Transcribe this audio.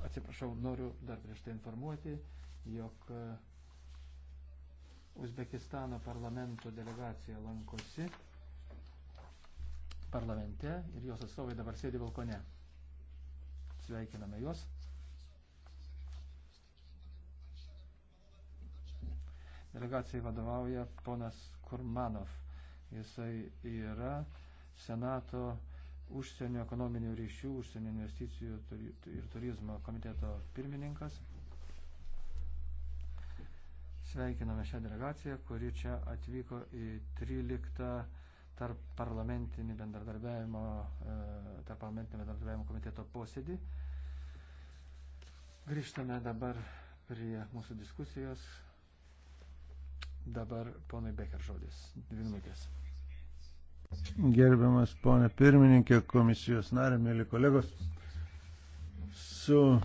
atsiprašau, noriu dar prieš tai informuoti, jog e, Uzbekistano parlamento delegacija lankosi parlamente ir jos atstovai dabar sėdi balkone. Sveikiname juos. Delegacijai vadovauja ponas Kurmanov. Jisai yra senato užsienio ekonominių ryšių, užsienio investicijų ir turizmo komiteto pirmininkas. Sveikiname šią delegaciją, kuri čia atvyko į 13 tarp parlamentinį bendradarbiavimo, e, tarp parlamentinio bendradarbiavimo komiteto posėdį. Grįžtame dabar prie mūsų diskusijos. Dabar ponui Becker žodis. Dvi minutės gerbiamas ponė pirmininkė, komisijos narė, mėly kolegos. Su